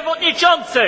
przewodniczący!